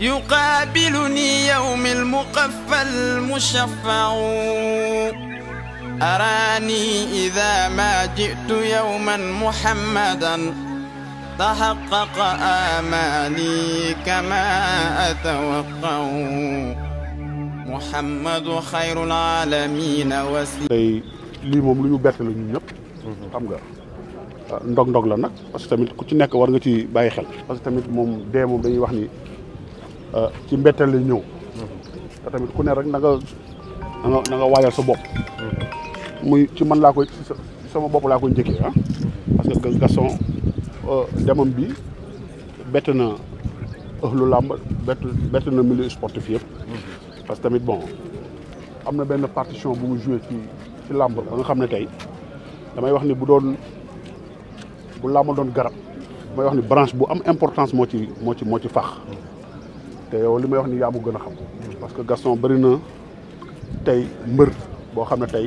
يقابلني يوم المقفى المشفع أراني إذا ما جئت يوما محمدا تحقق آماني كما أتوقع محمد خير العالمين وسيم tey lii moom lu ñu bett la ñun ñëpp xam nga ndog ndog la nag parce que tamit ku ci nekk war nga ci bàyyi xel parce que tamit moom dee moom dañuy wax ni ci mbetteel la ñëw te tamit ku ne rek na nga waajal sa bopp muy ci man laa koy sama bopp laa koy njëkkee ah. parce que Gaston euh, demam bi bett na ëxlu làmb bett na milieu sportif yëpp parce que tamit bon am na benn partition bu mu joué ci làmb ba nga xam ne tey damay wax ni bu doon bu làmb doon garab damay wax ni branche bu am importance moo ci moo ci moo ci fax te yow li may wax ni yaa gën a xam parce que Gaston bëri na tey mbër boo xam ne tey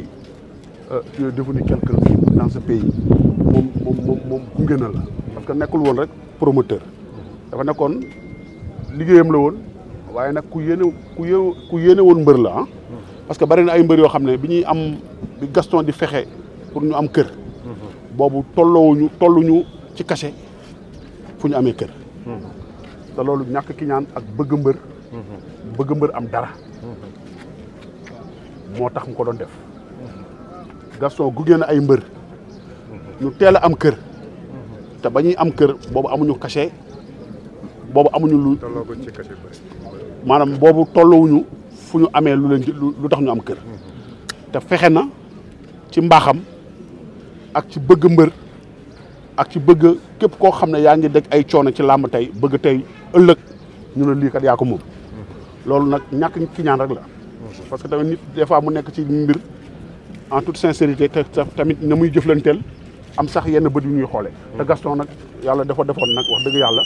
euh, tu es devenu quelqu'un dans ce pays moom moom moom moom gunge la parce que nekkul woon rek promoteur dafa nekkoon liggéeyam la woon waaye nag ku yéene ku yéene ku yéene woon mbër la ah parce que bëri na ay mbër yoo xam ne bi ñuy am bi Gaston di fexe pour ñu am kër mhm. boobu tolloowuñu tolluñu ci kase fu ñu amee kër te loolu ñàkk kiñaan ak bëgg mbër mhm. bëgg mbër am dara mhm. moo tax mu ko doon def Gaston gu génn ay mbër mhm. ñu teel a am kër te ba am kër boobu amuñu cachet boobu amuñu lu maanaam boobu tolluwuñu fu ñu amee lu leen lu tax ñu am kër te fexe na ci mbaaxam ak ci bëgg mbër ak ci bëgg képp koo xam ne yaa ngi dégg ay coono ci làmb tey bëgg tey ëllëg ñu ne lii kat yaa ko moom loolu nag ñàkk ki ñaan rek la parce que tamit nit des fois mu nekk ci mbir en toute sincérité te tamit na muy jëflanteel am sax yenn bët yu ñuy xoolee te Gaston nag yàlla dafa defoon nag wax dëgg yàlla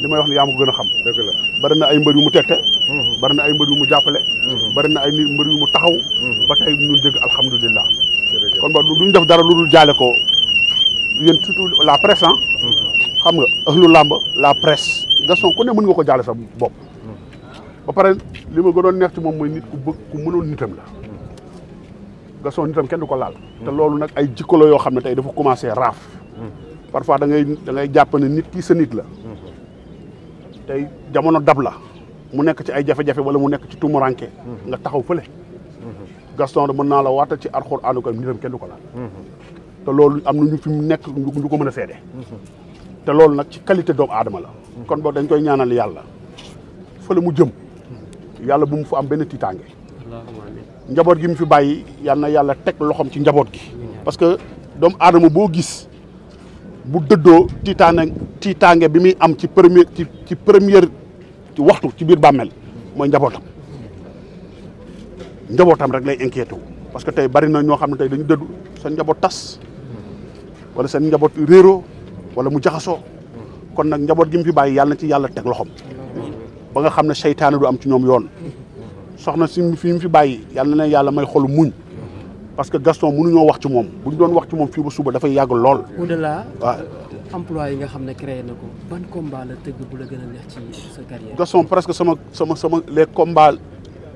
li may wax ne yaa ma ko gën a xam dëgg la bari na ay mbër yu mu tette mhm. bari na ay mbër yu mu jàppale mhm. bari na ay mbër yu mu taxaw mhm. ba tey ñun dégg alhamdulilah kon ba duñ def dara lu dul jaale ko yéen surtout la presse xam nga ëxlu làmb la presse Gaston ku ne mën nga ko jaale sa bopp ba pare li ma gënoon neex ci moom mooy nit ku bëgg ku mënoon nitam la Gaston nitam kenn ko laal te loolu nag ay jikko yoo xam ne tey dafa commencé raaf parfois da ngay ne nit ki sa nit la tey jamono dab la mu nekk ci ay jafe-jafe wala mu nekk ci tumuranke nga taxaw fële Gaston mën naa la waatal ci Alxuraan ko nitam kenn du ko laal te loolu am na ñu fi mu nekk ñu ko mën a seede te loolu nag ci qualité doomu aadama la. kon boo dañ koy ñaanal yàlla fële mu jëm yàlla bu mu fa am benn tiitaange. njaboot gi mu fi bàyyi yàlla na yàlla teg loxoom ci njaboot gi. parce que doomu aadama boo gis bu dëddoo tiitaange tiitaange bi muy am ci premier ci ci première ci waxtu ci biir bàmmeel mooy njabootam njabootam rek lay inquiété parce que tey bari na ñoo xam ne tey dañu dëddu seen njaboot tas wala seen njaboot réero wala mu jaxasoo kon nag njaboot gi mu fi bàyyi yàlla na ci yàlla teg loxom ba nga xam ne seytaane du am ci ñoom yoon soxna si fi mu fi bàyyi yàlla na yàlla may xolu muñ parce que Gaston mënuñoo wax ci moom bu ñu doon wax ci moom fii ba suba dafay yàgg lool. au-delà waaw nga xam ne créé na ko ban combat la gën a neex ci Gaston presque sama sama sama les combats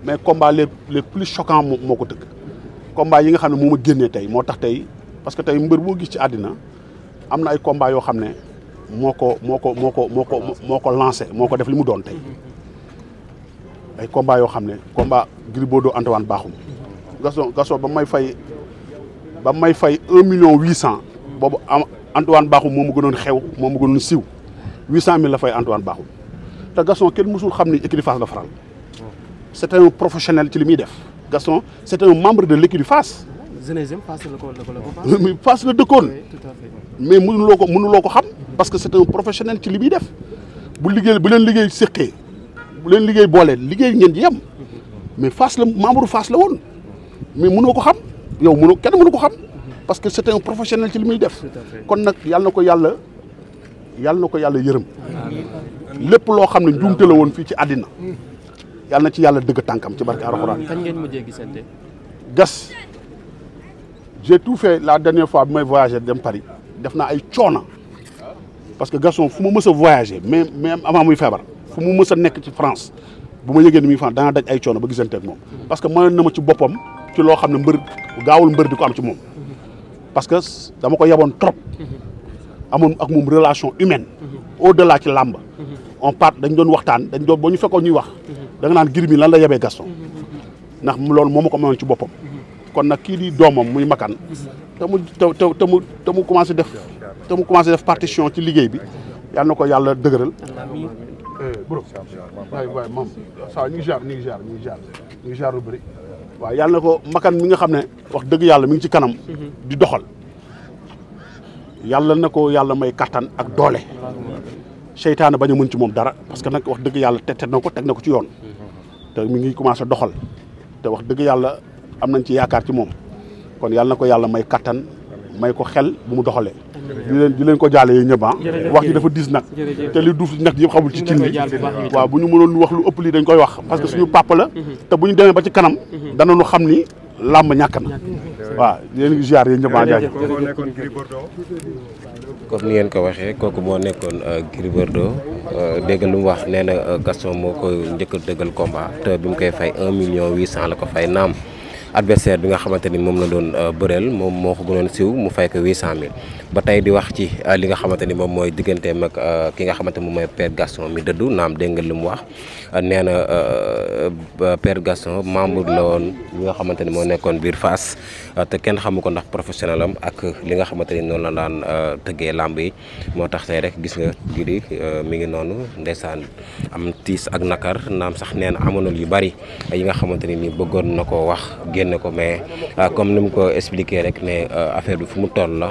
mais combats les les plus choquants moo ko tëgg. combats yi nga xam ne moom ma génnee tey moo tax tey parce que tey mbër boo gis ci àddina. am na ay combat yoo xam ne moo ko moo ko moo ko moo ko moo ko lancé moo ko def li mu doon tey ay combat yoo xam ne combat Gris Bordeaux Antoine Bakhoum Gaston Gaston ba may fay ba may fay un million huit cent boobu am Antoine Bakhoum moo mu gënoon xew moo mu gënoon siiw huit cent mille la fay Antoine Bakhoum te Gaston kenn mësul xam ni équipe de la faral c'est un professionnel ci li muy def Gaston c'est un membre de l'équipe de jeunesse am Fass la ko mais Fass la dëkkoon. mais mënuloo ko mënuloo ko xam. parce que c'est un professionnel ci li def. bu liggéey bu leen liggéey séqee bu leen liggéey boole liggéey ngeen yem. mais Fass la membre Fass la woon. mais munoo ko xam yow mënoo kenn mënu ko xam. parce que c'est un professionnel ci li muy def. kon nag yàlla na ko yàlla yàlla na ko yàlla yërëm. lépp loo xam ne njuumte la woon fii ci àddina. yàlla na ci yàlla dëgg tànkam ci barke alxuraan. kan ngeen mujjee gisante. gas. j'ai tout fait la dernière fois bi may voyagé dem Paris def na ay coona parce que Gaston fu mu mës a voyagé même même avant muy feebar fu mu mës a nekk ci France bu ma yëgee ni muy France dana daj ay coono ba gisante moom. parce que mayoon na ma ci boppam ci loo xam ne mbër gaawul mbër di ko ci moom. parce que dama ko yeboon trop. amoon ak moom relation humaine. au delà ci làmb. on part dañ doon waxtaan dañ doon boo ñu fekkoon ñuy wax. da nga la yebee Gaston. ndax loolu moo ma ko mayoon ci boppam. kon nag kii di doomam muy makan te mu te te mu te mu commencé def te commencé def partition ci liggéey bi yàlla na ko yàlla dëgëral bro waay ñu ngi jaar ñu ngi jaar ñu ngi jaar ñu ngi yàlla na ko makan mi nga xam ne wax dëgg yàlla mu ngi ci kanam di doxal yàlla na ko yàlla may kattan ak doole seytaane bañ a mën ci moom dara parce que nag wax dëgg yàlla te teg na ko teg na ko ci yoon te mi ngi commencé doxal te wax dëgg yàlla am nañ ci yaakaar ci moom kon yàlla na ko yàlla may kattan may ko xel bu mu doxalee di leen ko jaale yéen ñëpp ah. wax ji dafa diis nag te li duuf nag yëpp xamul ci cin li waaw bu ñu mënoon wax lu ëpp lii dañ koy wax parce suñu papa la te bu ñu demee ba ci kanam mm-hmm. danañu xam ni làmb ñàkk na waaw yéen ngi ziar yéen jaay comme ni ngeen ko waxee kooku boo nekkoon euh, Gris Bordeaux euh, dégg lu mu wax nee na euh, Gaston moo ko njëkkal a dëggal combat te bi mu koy fay un million huit cent la ko fay naam adversaire bi nga xamante ni moom la doon euh, bëreel moom moo ko gënoon siw mu fay ko 800000. ba tey di wax ci euh, li nga xamante ni moom mooy digganteem ak euh, ki nga xamante moom mooy Père Gaston mi dëddu naam dégg nga li mu wax euh, nee na Père Gaston membre la woon ñi nga xamante ni moo nekkoon biir Fass te kenn xamu ko ndax professionnel am ak li nga xamante ni noonu la daan tëggee làmb yi moo tax tey rek gis nga giri mi ngi noonu ndeysaan am tiis ak nakar naam sax nee na amoon yu bari yi nga xamante ni nii bëggoon na ko wax génne ko mais comme ni mu ko expliqué rek ne affaire bi fu mu toll la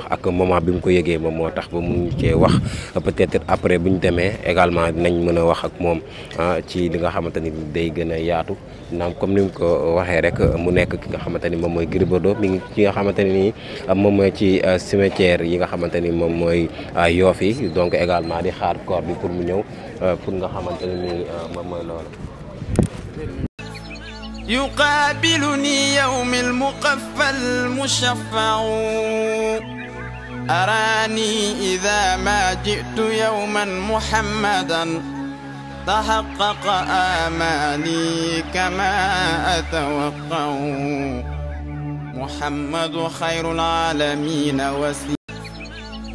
bi mu ko yëgee moom moo tax ba mu cee wax peut-être après bu ñu demee également dinañ mën a wax ak moom ah, ci li nga xamante ni day gën a yaatu naam comme ni mu ko waxee rek mu nekk ki nga xamante ni moom mooy Gris mi ngi ki nga xamante ne nii moom mooy ci ah, cimetière yi nga xamante ni moom mooy ah, Yoff yi donc également di xaar corps bi pour mu ñëw pour nga xamante ne nii moom mooy loolu. يقابلني يوم المقفى المشفع أراني إذا ما جئت يوما محمدا تحقق آماني كما أتوقع محمد خير العالمين وسيم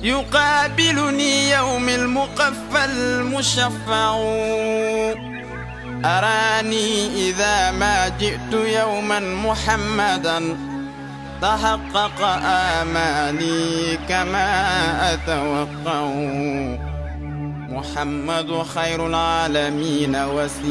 يقابلني يوم المقفى المشفع أراني إذا ما جئت يوما محمدا تحقق آماني كما أتوقع محمد خير العالمين وسيم